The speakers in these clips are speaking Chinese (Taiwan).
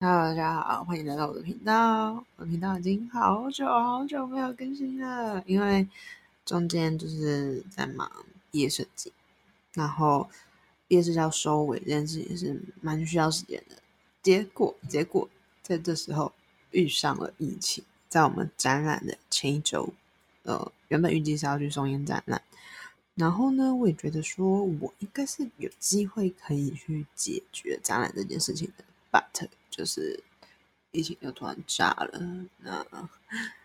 哈囉，大家好，歡迎來到我的頻道。我的頻道已經好久好久沒有更新了，因為中間就是在忙畢業設計，然後畢業設計要收尾這件事情是蠻需要時間的。結果，結果在這時候遇上了疫情，在我們展覽的前一周，呃，原本預計是要去松菸展覽，然後呢，我也覺得說我應該是有機會可以去解決展覽這件事情的，But。就是疫情又突然炸了，那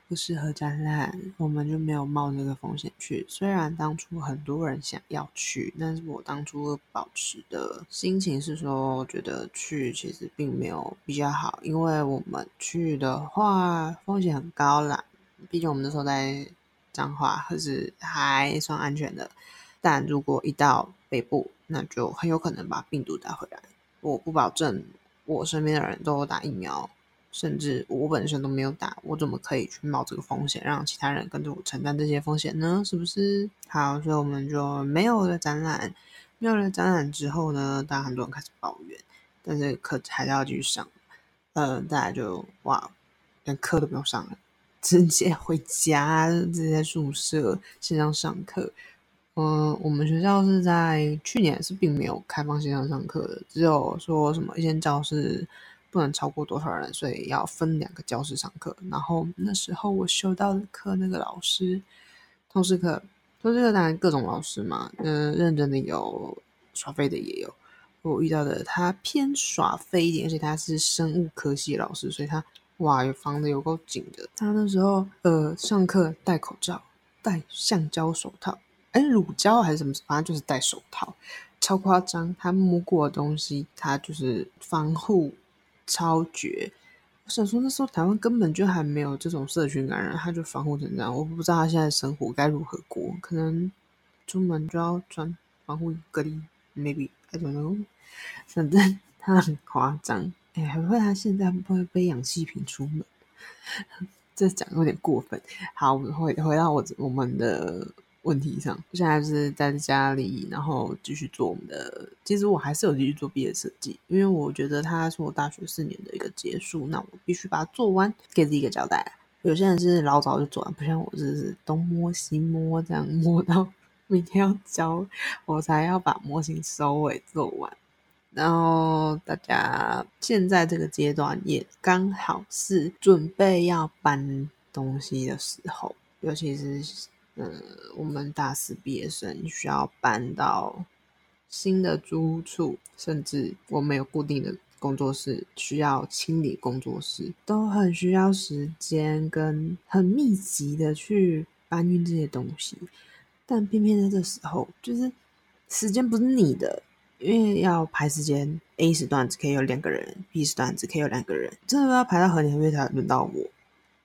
不適合展覽，我們就沒有冒那個風險去。雖然當初很多人想要去，但是我當初保持的心情是說，覺得去其實並沒有比較好，因為我們去的話風險很高啦。畢竟我們那時候在彰化，還是還算安全的，但如果一到北部，那就很有可能把病毒帶回來。我不保證。我身邊的人都有打疫苗，甚至我本身都沒有打，我怎麼可以去冒這個風險，讓其他人跟着我承擔這些風險呢？是不是？好，所以我們就沒有了展覽，沒有了展覽之後呢，大家很多人開始抱怨，但是課還是要繼續上。呃，大家就哇，連課都不用上了，直接回家，直接在宿舍線上上課。嗯，我們學校是在去年是並沒有開放線上上課的，只有說什麼一間教室不能超過多少人，所以要分兩個教室上課。然後那時候我修到的課，那個老師，通識課，通識課當然各種老師嘛，呃，認真的有，耍飛的也有。我遇到的他偏耍飛一點，而且他是生物科系老師，所以他哇，防的有夠緊的。他那時候呃，上課戴口罩，戴橡膠手套。誒乳膠還是什麼，反正就是戴手套，超誇張。他摸過的東西，他就是防護超絕。我想說，那時候台灣根本就還沒有這種社群感染，他就防護成這樣。我不知道他現在生活該如何過，可能出門就要穿防護隔離，maybe I don't know，反正他很誇張。誒還會他現在會不會背氧氣瓶出門？這講有點過分。好，我們回回到我我們的。問題上，現在是在家裡，然後繼續做我們的。其實我還是有繼續做畢業設計，因為我覺得它是我大學四年的一個結束，那我必須把它做完，給自己一個交代。有些人就是老早就做完，不像我是不是，東摸西摸，這樣摸到明天要交，我才要把模型收尾做完。然後大家現在這個階段也剛好是準備要搬東西的時候，尤其是。呃、嗯，我們大四畢業生需要搬到新的租屋處，甚至我們有固定的工作室，需要清理工作室，都很需要時間跟很密集的去搬運這些東西。但偏偏在這時候，就是時間不是你的，因為要排時間，A 時段只可以有兩個人，B 時段只可以有兩個人，真的要排到何年何月才輪到我？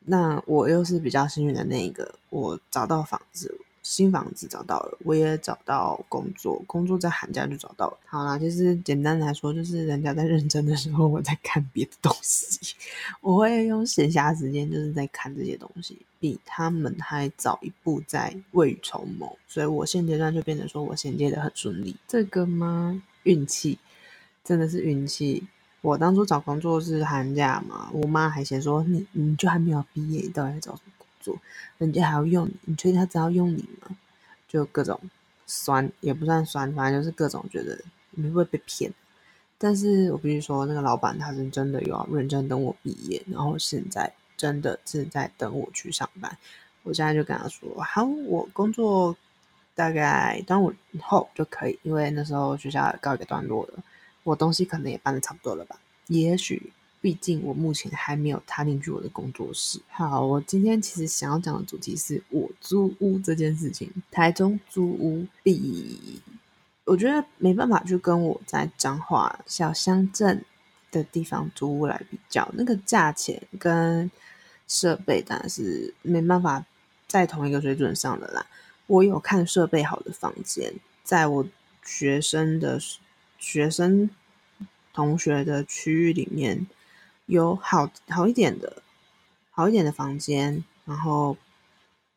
那我又是比較幸運的那一個，我找到房子，新房子找到了，我也找到工作，工作在寒假就找到了。好啦，就是簡單來說，就是人家在認真的時候，我在看別的東西。我會用閒暇時間，就是在看這些東西，比他們還早一步在未雨綢繆。所以我現階段就變成說我銜接的很順利，這個嗎？運氣，真的是運氣。我當初找工作是寒假嘛，我媽還嫌說，你你就還沒有畢業，你到底在找什麼工作？人家還要用你，你確定他只要用你嗎？就各種酸，也不算酸，反正就是各種覺得你會被騙。但是我必須說，那個老闆他是真的有要認真等我畢業，然後現在真的正在等我去上班。我現在就跟他說，好，我工作大概端午以後就可以，因為那時候學校也告一段落了。我東西可能也搬得差不多了吧，也許，畢竟我目前還沒有踏進去我的工作室。好，我今天其實想要講的主題是我租屋這件事情。台中租屋比，我覺得沒辦法去跟我在彰化小鄉鎮的地方租屋來比較，那個價錢跟設備當然是沒辦法在同一個水準上的啦。我有看設備好的房間，在我學生的。學生同學的區域裡面有好好一點的、好一點的房間，然後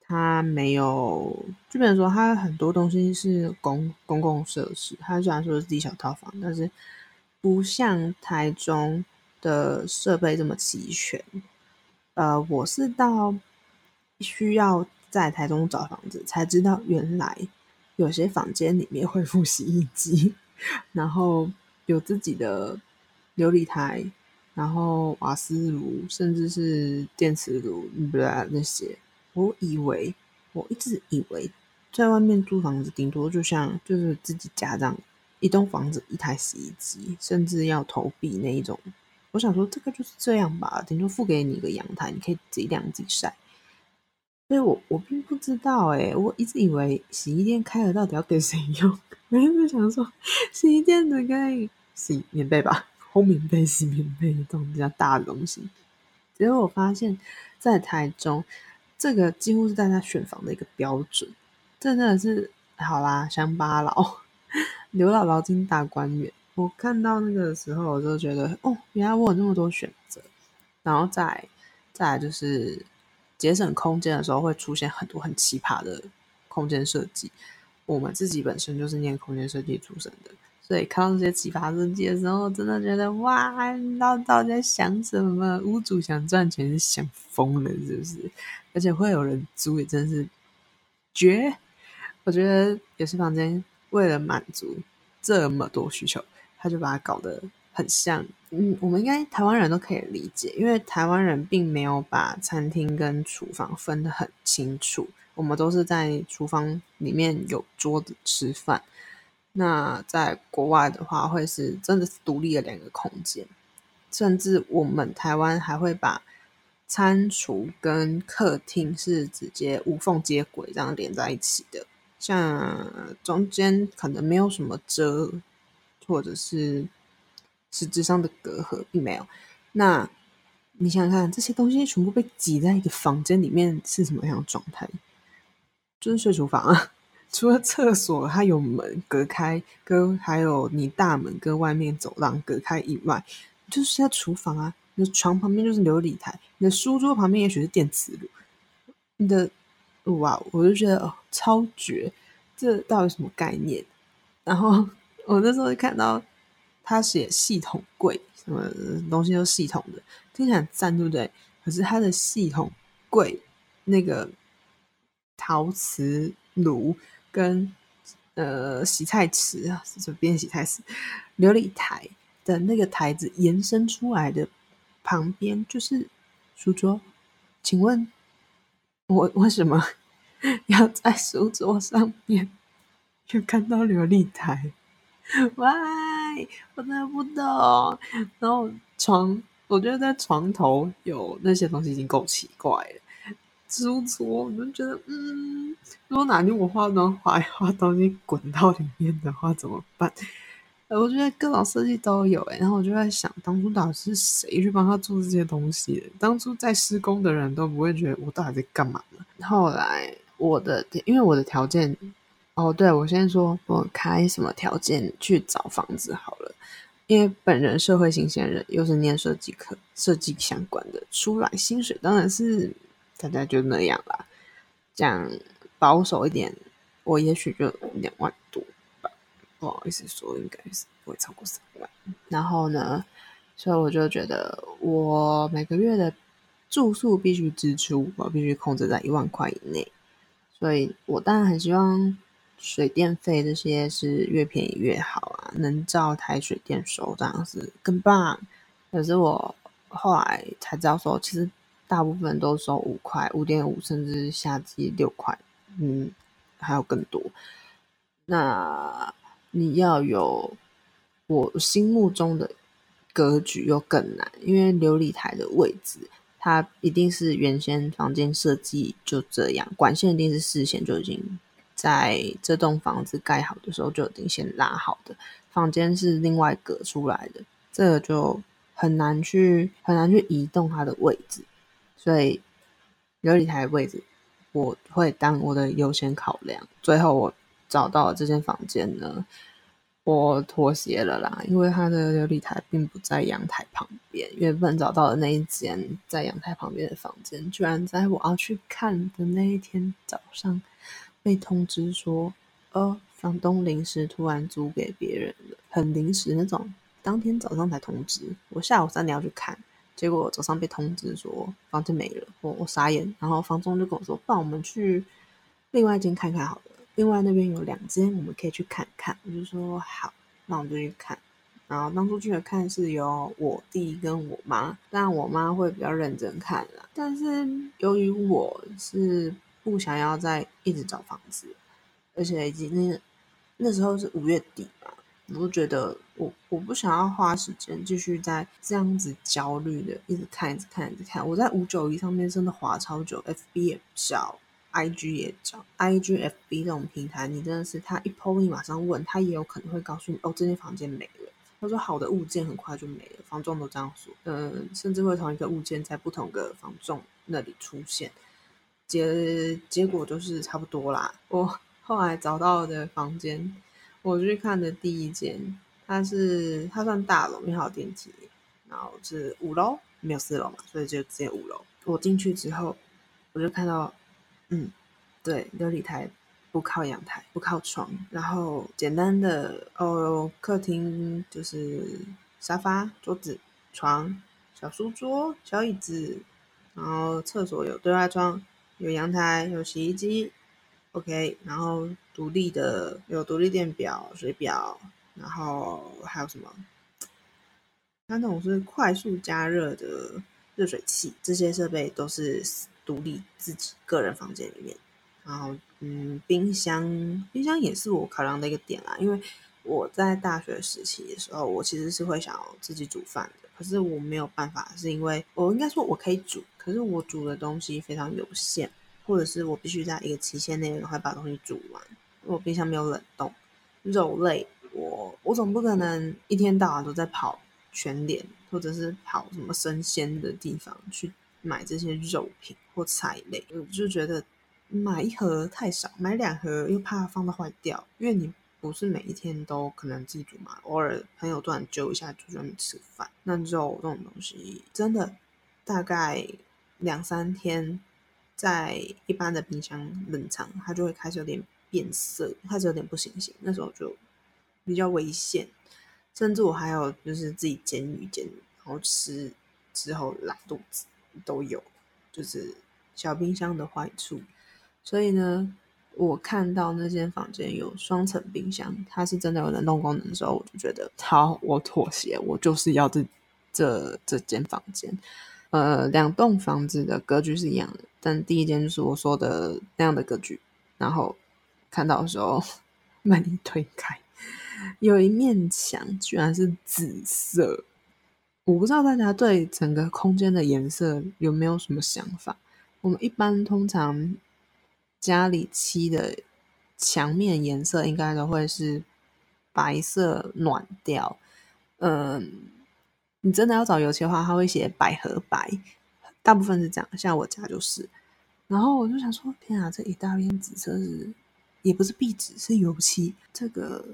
他沒有，就比如說，他很多東西是公公共設施。他雖然說是、D、小套房，但是不像台中的設備這麼齊全。呃，我是到需要在台中找房子，才知道原來有些房間裡面會附洗衣機。 然後有自己的流理台，然後瓦斯爐，甚至是電磁爐，不那些。我以為，我一直以為，在外面租房子，頂多就像就是自己家這樣，一棟房子一台洗衣機，甚至要投幣那一種。我想說，這個就是這樣吧。頂多附給你一個陽台，你可以自己晾自己曬。所以我我並不知道、欸，誒，我一直以為洗衣店開了到底要給誰用？我一直想說，洗衣店的可以洗棉被吧，烘棉被、洗棉被這種比較大的東西。結果我發現，在台中，這個幾乎是大家選房的一個標準，這個、真的是好啦，鄉巴佬，劉姥姥進大觀園。我看到那個時候，我就覺得，哦，原來我有那麼多選擇。然後再來再來就是。節省空間的時候會出現很多很奇葩的空間設計。我們自己本身就是念空間設計出身的，所以看到這些奇葩設計的時候，真的覺得哇，到底在想什麼？屋主想賺錢想瘋了是不是？而且會有人租也真是絕。我覺得也是，房間為了滿足這麼多需求，他就把它搞得。很像，嗯，我們應該台灣人都可以理解，因為台灣人並沒有把餐廳跟廚房分得很清楚。我們都是在廚房裡面有桌子吃飯。那在國外的話，會是真的是獨立的兩個空間。甚至我們台灣還會把餐廚跟客廳是直接無縫接軌，這樣連在一起的。像中間可能沒有什麼遮，或者是。實質上的隔閡並沒有。那你想想看，這些東西全部被擠在一個房間裡面是什麼樣的狀態？就是睡廚房啊，除了廁所，它有門隔開，跟還有你大門跟外面走廊隔開以外，就是在廚房啊。你的床旁邊就是料理台，你的書桌旁邊也許是電磁爐。你的，哇，我就覺得哦，超絕，這到底什麼概念？然後我那時候就看到。他寫系統櫃，什麼東西都是系統的，聽起來很讚，對不對？可是他的系統櫃那個陶瓷爐跟呃洗菜池啊，這邊洗菜池、琉璃台的那個台子延伸出來的旁邊就是書桌，請問我為什麼要在書桌上面就看到琉璃台？哇！我拿不到，然後床，我覺得在床頭有那些東西已經夠奇怪了。書桌，我就覺得，嗯，如果哪天我化妝、化畫，畫東西滾到裡面的話怎麼辦？嗯、我覺得各種設計都有、欸、然後我就在想，當初到底是誰去幫他做這些東西？當初在施工的人都不會覺得我到底在幹嘛。後來我的，因為我的條件。哦，對，我先說，我開什麼條件去找房子好了，因為本人社會新鮮人，又是念設計科、設計相關的出來，薪水當然是大家就那樣啦。講保守一點，我也許就兩萬多吧，不好意思說，應該是不會超過三萬。然後呢，所以我就覺得我每個月的住宿必須支出，我必須控制在一萬塊以內。所以我當然很希望。水電費這些是越便宜越好啊，能照台水電收這樣子，更棒。可是我後來才知道說，其實大部分都收五塊、五點五，甚至夏季六塊，嗯，還有更多。那你要有我心目中的格局又更難，因為流理台的位置，它一定是原先房間設計就這樣，管線一定是事先就已經。在這棟房子蓋好的時候，就已經先拉好的房間是另外隔出來的，這個就很難去很難去移動它的位置，所以流理台的位置我會當我的優先考量。最後我找到了這間房間呢，我妥協了啦，因為它的流理台並不在陽台旁邊。原本找到的那一間在陽台旁邊的房間，居然在我要去看的那一天早上。被通知說，呃、哦，房東臨時突然租給別人了，很臨時那種，當天早上才通知。我下午三點要去看，結果我早上被通知說房子沒了，我我傻眼。然後房東就跟我說，不然我們去另外一間看看好了，另外那邊有兩間，我們可以去看看。我就說好，那我們就去看。然後當初去的看，是由我弟跟我媽，但我媽會比較認真看了。但是由於我是。不想要再一直找房子，而且已經那那時候是五月底嘛，我就覺得我我不想要花時間繼續在這樣子焦慮的一直看一直看一直看。我在五九一上面真的划超久，FB 也小 i g 也叫 i g FB 這種平台，你真的是他一碰 o 你馬上問，他也有可能會告訴你哦，這間房間沒了。他說好的物件很快就沒了，房仲都這樣說。嗯、呃，甚至會同一個物件在不同的房仲那裡出現。結結果就是差不多啦。我後來找到的房間，我去看的第一間，它是它算大樓，沒有電梯，然後是五樓，沒有四樓嘛，所以就直接五樓。我進去之後，我就看到，嗯，對，流理台，不靠陽台，不靠床，然後簡單的哦，客廳就是沙發、桌子、床、小書桌、小椅子，然後廁所有對外窗，有陽台，有洗衣機，OK，然後獨立的有獨立電表、水表，然後還有什麼？它那種是快速加熱的熱水器，這些設備都是獨立自己個人房間裡面。然後，嗯，冰箱，冰箱也是我考量的一個點啦，因為我在大學時期的時候，我其實是會想要自己煮飯的，可是我沒有辦法，是因為我應該說我可以煮。可是我煮的東西非常有限，或者是我必須在一個期限內會把東西煮完。我冰箱沒有冷凍肉類，我我總不可能一天到晚都在跑全聯，或者是跑什麼生鮮的地方去買這些肉品或菜類。我就覺得買一盒太少，買兩盒又怕放到壞掉。因為你不是每一天都可能自己煮嘛，偶爾朋友突然揪一下煮專門吃飯，那肉這種東西真的大概。兩三天在一般的冰箱冷藏，它就會開始有點變色，開始有點不新鮮，那時候就比較危險。甚至我還有就是自己煎魚煎魚，然後吃之後拉肚子都有，就是小冰箱的壞處。所以呢，我看到那間房間有雙層冰箱，它是真的有冷凍功能的時候，我就覺得好，我妥協，我就是要這這這間房間。呃，兩棟房子的格局是一樣的，但第一間就是我說的那樣的格局。然後看到的時候，慢點推開，有一面牆居然是紫色。我不知道大家對整個空間的顏色有沒有什麼想法？我們一般通常家裡漆的牆面顏色應該都會是白色暖調，嗯、呃。你真的要找油漆的話，他會寫百合白，大部分是這樣，像我家就是。然後我就想說，天啊，這一大片紫色是也不是壁紙，是油漆。這個，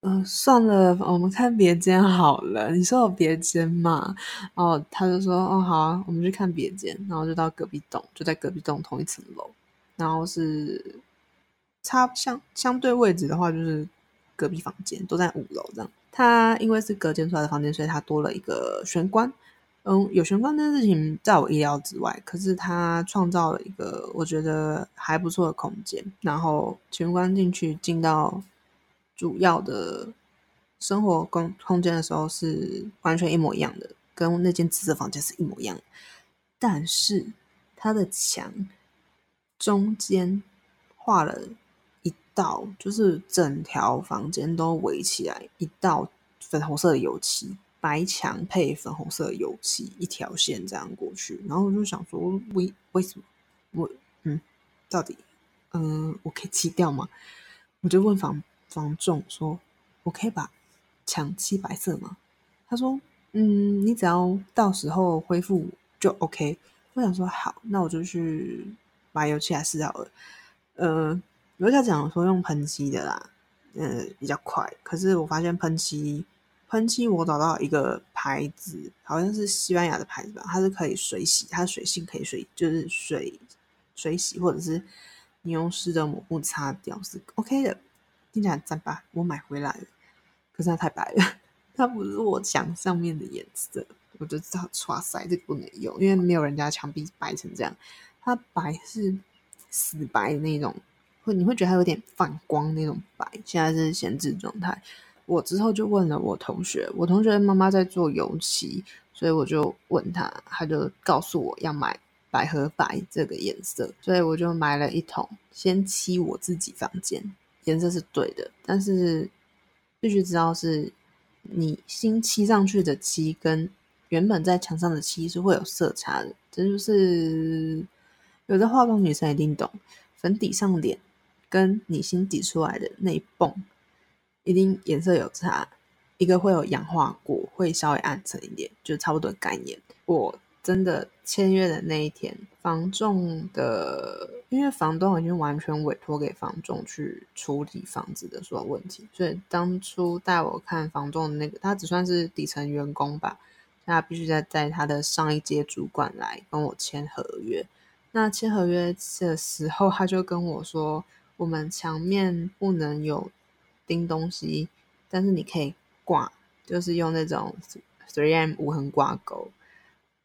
呃，算了，我們看別間好了。你說我別間嘛？然後他就說，哦好啊，我們去看別間。然後就到隔壁棟，就在隔壁棟同一層樓。然後是差不相相對位置的話，就是隔壁房間都在五樓這樣。它因為是隔間出來的房間，所以它多了一個玄關。嗯，有玄關的事情在我意料之外，可是它創造了一個我覺得還不錯的空間。然後玄關進去進到主要的生活空空間的時候，是完全一模一樣的，跟那間紫色房間是一模一樣的。但是它的牆中間畫了。到就是整條房間都圍起來一道粉紅色的油漆，白牆配粉紅色油漆一條線這樣過去，然後我就想說，為為什麼我嗯，到底嗯、呃，我可以漆掉嗎？我就問房房仲說，我可以把牆漆白色嗎？他說，嗯，你只要到時候恢復就 OK。我想說好，那我就去把油漆來試好了，嗯、呃。因為他講說用噴漆的啦，呃、嗯，比較快。可是我發現噴漆，噴漆我找到一個牌子，好像是西班牙的牌子吧，它是可以水洗，它水性可以水，就是水水洗或者是你用濕的抹布擦掉是 OK 的。聽起來讚吧？我買回來了，可是它太白了，呵呵，它不是我牆上面的顏色，我就知道刷塞這個不能用，因為沒有人家牆壁白成這樣，它白是死白的那種。會，你會覺得它有點泛光那種白。現在是閒置狀態。我之後就問了我同學，我同學媽媽在做油漆，所以我就問他，他就告訴我要買百合白這個顏色，所以我就買了一桶，先漆我自己房間。顏色是對的，但是必須知道是，你新漆上去的漆跟原本在牆上的漆是會有色差的。這就是有的化妝女生一定懂，粉底上臉。跟你新擠出來的那一泵一定顏色有差，一個會有氧化過，會稍微暗沉一點，就差不多的概念。我真的簽約的那一天，房仲的，因為房東已經完全委托給房仲去處理房子的所有問題，所以當初帶我看房仲的那個，他只算是底層員工吧，他必須再帶他的上一階主管來跟我簽合約。那簽合約的時候，他就跟我說。我們牆面不能有釘東西，但是你可以掛，就是用那種 3M 無痕掛鈎，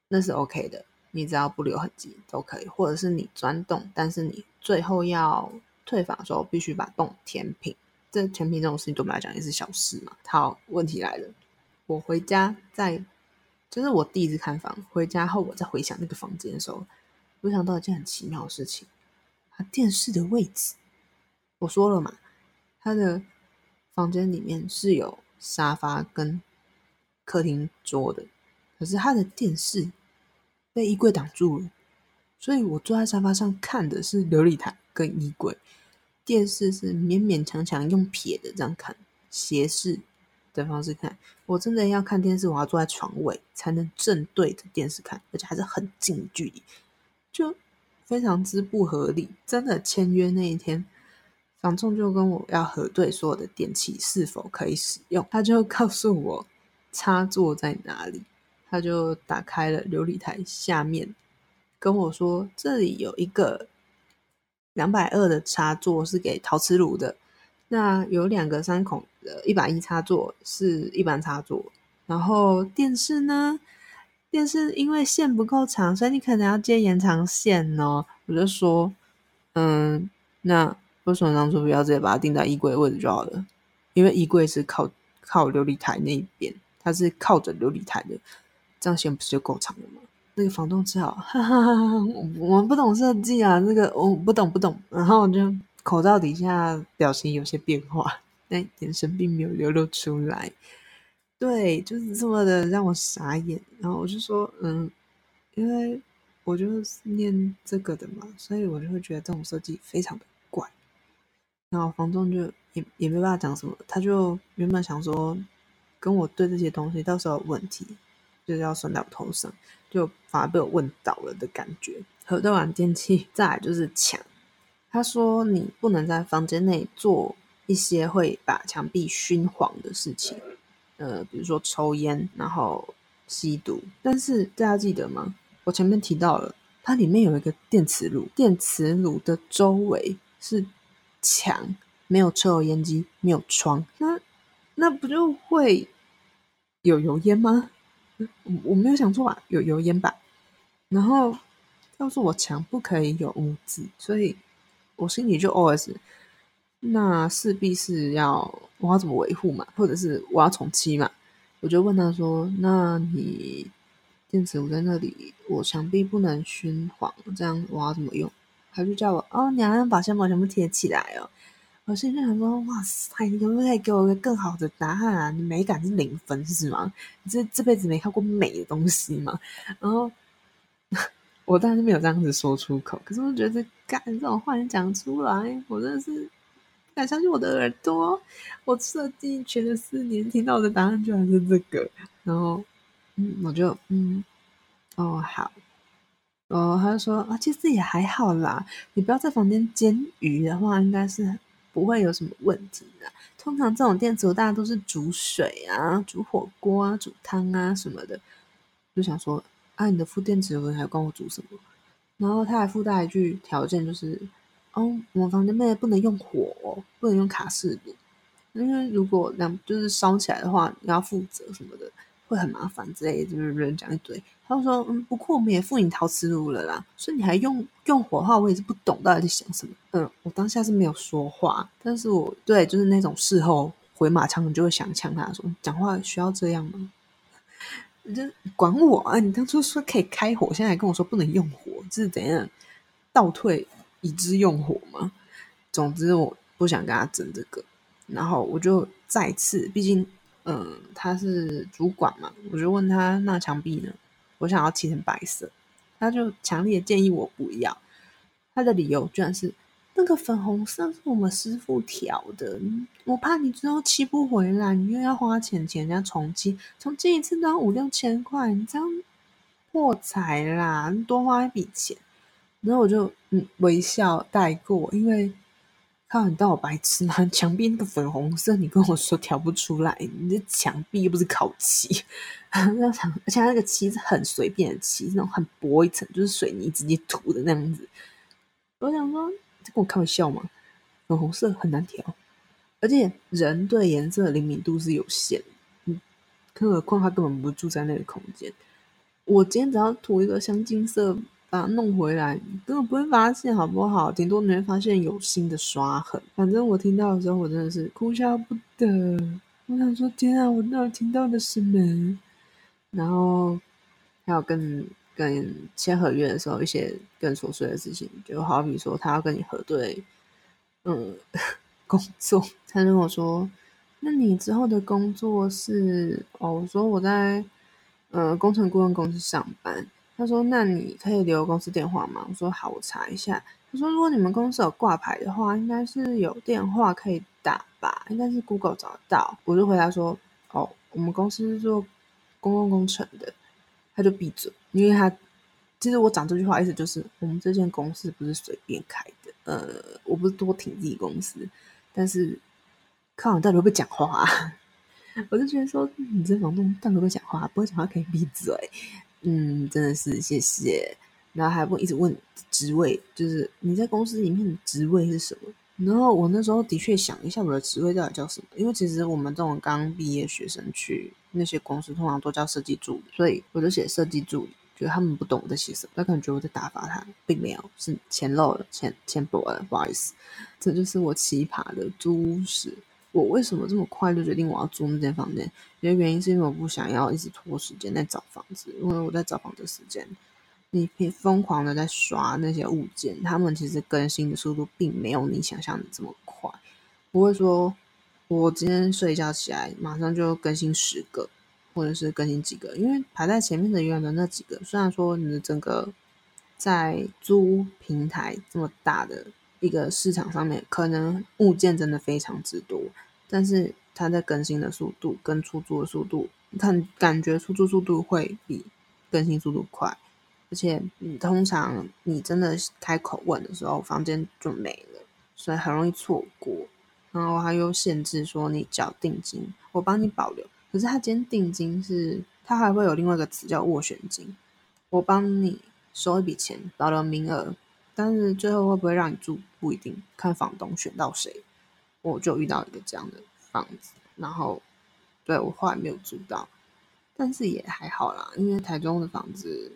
那是 OK 的，你只要不留痕跡都可以。或者是你鑽洞，但是你最後要退房的時候必須把洞填平。這填平這種事情對我們來講也是小事嘛。好，問題來了，我回家在就是我第一次看房回家後，我再回想那個房間的時候，我想到一件很奇妙的事情，啊，電視的位置。我說了嘛，他的房間裡面是有沙發跟客廳桌的，可是他的電視被衣櫃擋住了，所以我坐在沙發上看的是流理台跟衣櫃，電視是勉勉強強用撇的這樣看，斜視的方式看。我真的要看電視，我要坐在床尾才能正對着電視看，而且還是很近距離，就非常之不合理。真的簽約那一天。楊仲就跟我要核對所有的電器是否可以使用，他就告訴我插座在哪裡。他就打開了流理台下面，跟我說：“這裡有一個兩百二的插座是給陶瓷爐的，那有兩個三孔的一百一插座是一般插座。然後電視呢？電視因為線不夠長，所以你可能要接延長線呢、哦。”我就說：“嗯，那。”為什麼當初不要直接把它釘在衣櫃位置就好了？因為衣櫃是靠靠流理台那一邊，它是靠着流理台的，這樣線不是就夠長了嗎？那個房東只好，哈哈哈哈哈，我們不懂設計啊，那個我不懂，不懂。然後我就口罩底下表情有些變化，但、哎、眼神並沒有流露出來。對，就是這麼的讓我傻眼。然後我就說，嗯，因為我就是念這個的嘛，所以我就會覺得這種設計非常的怪。然後房東就也也沒辦法講什麼，他就原本想說跟我對這些東西，到時候有問題就是要算到頭上，就反而被我問倒了的感覺。核對完電器，再來就是牆。他說，你不能在房間內做一些會把牆壁燻黃的事情，呃，比如說抽煙，然後吸毒。但是大家記得嗎？我前面提到了，它裡面有一個電磁爐，電磁爐的周圍是。牆沒有抽油煙機，沒有窗，那那不就會有油煙嗎？我我沒有想錯吧？有油煙吧？然後告訴我牆不可以有污漬，所以我心裡就 OS，那勢必是要我要怎麼維護嘛，或者是我要重漆嘛？我就問他說：“那你電磁爐在那裡，我牆壁不能燻黃，這樣我要怎麼用？”他就叫我哦，你要把保鮮膜全部貼起來哦。我心在想說，哇塞，你可不可以給我一個更好的答案啊？你美感是零分是嗎？你這這輩子沒看過美的東西嗎？然後我當然是沒有這樣子說出口。可是我覺得，幹這種話能講出來，我真的是不敢相信我的耳朵。我設計學了四年，聽到我的答案居然是這個。然後，嗯，我就，嗯，哦，好。哦，他就說啊，其實也還好啦。你不要在房間煎魚的話，應該是不會有什麼問題的。通常這種電磁爐大家都是煮水啊、煮火鍋啊、煮湯啊什麼的。就想說，啊，你的副電磁爐還要管我煮什麼？然後他還附帶一句條件，就是哦，我房間內不能用火、哦，不能用卡式爐，因為如果兩就是燒起來的話，你要負責什麼的。會很麻煩之類，就是人講一堆。他就說：“嗯，不過我們也復引陶瓷爐了啦，所以你還用用火的話，我也是不懂到底在想什麼。”嗯，我當下是沒有說話，但是我對，就是那種事後回馬槍，就會想嗆他說：“講話需要這樣嗎？你就管我啊！你當初說可以開火，現在還跟我說不能用火，這是怎樣倒退，已知用火嗎？”總之，我不想跟他爭這個，然後我就再次，畢竟。嗯，他是主管嘛，我就問他，那牆壁呢？我想要漆成白色，他就強烈的建議我不要。他的理由居然是，那個粉紅色是我們師傅調的，我怕你最後漆不回來，你又要花錢請人家重漆，重漆一次都要五六千塊，你這樣破財啦，多花一筆錢。然後我就嗯，微笑帶過，因為。靠，你當我白痴嗎？牆壁那個粉紅色，你跟我說調不出來，你的牆壁又不是烤漆， 而且那個漆是很隨便的漆，那種很薄一層，就是水泥直接塗的那樣子。我想說，這跟我開玩笑嘛？粉紅色很難調，而且人對顏色的靈敏度是有限，嗯，更何況他根本不住在那個空間。我今天只要塗一個香檳色，弄回來根本不會發現，好不好？頂多你會發現有新的刷痕。反正我聽到的時候，我真的是哭笑不得。我想說，天啊，我哪聽到的是什麼？然後還有跟跟簽合約的時候，一些更瑣碎的事情，就好比說他要跟你核對，嗯，工作，他跟我說：“那你之後的工作是？”哦，我說我在呃工程顧問公司上班。他說：“那你可以留公司電話嗎？”我說：“好，我查一下。”他說：“如果你們公司有掛牌的話，應該是有電話可以打吧？應該是 Google 找得到。”我就回答說：“哦，我們公司是做公共工程的。”他就閉嘴，因為他其實我講這句話意思就是，我們這間公司不是隨便開的。呃，我不是多挺自己公司，但是看我到底會不會講話、啊，我就覺得說，你這房東到底會講話？不會講話可以閉嘴。嗯，真的是謝謝。然後還不一直問職位，就是你在公司裡面的職位是什麼？然後我那時候的確想一下我的職位到底叫什麼，因為其實我們這種剛畢業學生去那些公司，通常都叫設計助理，所以我就寫設計助理，覺得他們不懂我在寫什麼，他可能覺得我在打發他，並沒有，是錢漏的錢錢部的不好意思。這就是我奇葩的豬屎。我為什麼這麼快就決定我要租那間房間？一個原因是因為我不想要一直拖時間在找房子，因為我在找房子時間，你你瘋狂的在刷那些物件，他們其實更新的速度並沒有你想象的這麼快，不會說我今天睡一覺起來馬上就更新十個或者是更新幾個，因為排在前面的永遠都那幾個，雖然說你的整個在租平台這麼大的一個市場上面，可能物件真的非常之多。但是它在更新的速度跟出租的速度，看感覺出租速度會比更新速度快，而且你、嗯、通常你真的開口問的時候，房間就沒了，所以很容易錯過。然後他又限制說你交定金，我幫你保留。可是他今天定金是，他還會有另外一個詞叫斡旋金，我幫你收一筆錢，保留名額，但是最後會不會讓你住不一定，看房東選到誰。我就遇到一個這樣的房子，然後對，我後來沒有租到，但是也還好啦，因為台中的房子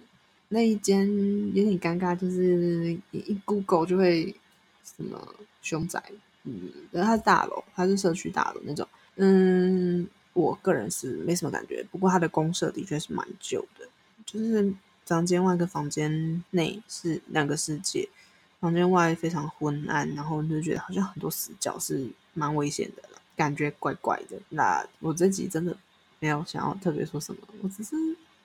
那一間有點尷尬，就是一 Google 就會什麼凶宅，嗯，然後它是大樓，它是社區大樓那種，嗯，我個人是沒什麼感覺，不過它的公設的確是蠻舊的，就是長房間外跟房間內是兩個世界。房間外非常昏暗，然後就覺得好像很多死角是蠻危險的，感覺怪怪的。那我自己真的沒有想要特別說什麼，我只是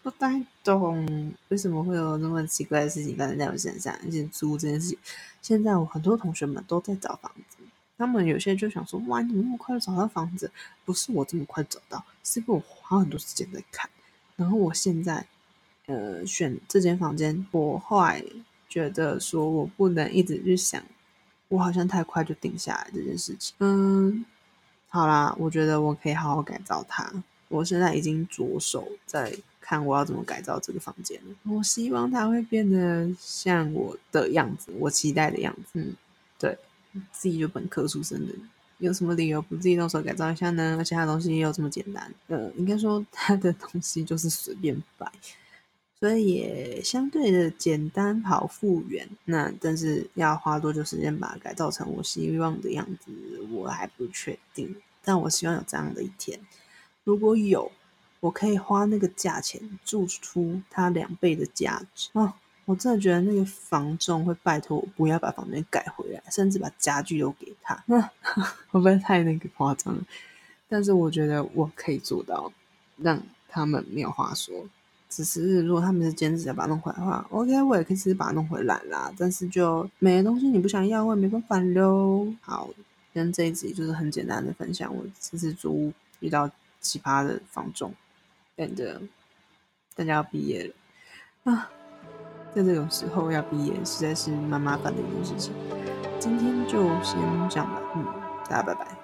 不太懂為什麼會有那麼奇怪的事情發生在我身上，而且租這件事情，現在我很多同學們都在找房子，他們有些人就想說，哇，你那麼快就找到房子。不是我這麼快找到，是因為我花很多時間在看。然後我現在，呃，選這間房間，我後來。覺得說我不能一直去想，我好像太快就定下來這件事情。嗯，好啦，我覺得我可以好好改造它。我現在已經着手在看我要怎麼改造這個房間了。我希望它會變得像我的樣子，我期待的樣子。嗯，對，自己就本科出身的，有什麼理由不自己動手改造一下呢？而且他東西又這麼簡單。嗯，應該說他的東西就是隨便擺。所以也相對的簡單，好復原。那但是要花多久時間把它改造成我希望的樣子，我還不確定。但我希望有這樣的一天，如果有，我可以花那個價錢，住出它兩倍的價值。哦，我真的覺得那個房仲會拜托我不要把房間改回來，甚至把家具都給他，那會不會太那個誇張了？但是我覺得我可以做到，讓他們沒有話說。只是如果他們是堅持，要把它弄回來的話，OK，我也可以試着把它弄回來啦。但是就沒東西你不想要，我也沒辦法嘍。好，跟這一集就是很簡單的分享。我這次租屋遇到奇葩的房仲 and 大家要畢業了啊，在這種時候要畢業，實在是蠻麻煩的一件事情。今天就先這樣吧，嗯，大家拜拜。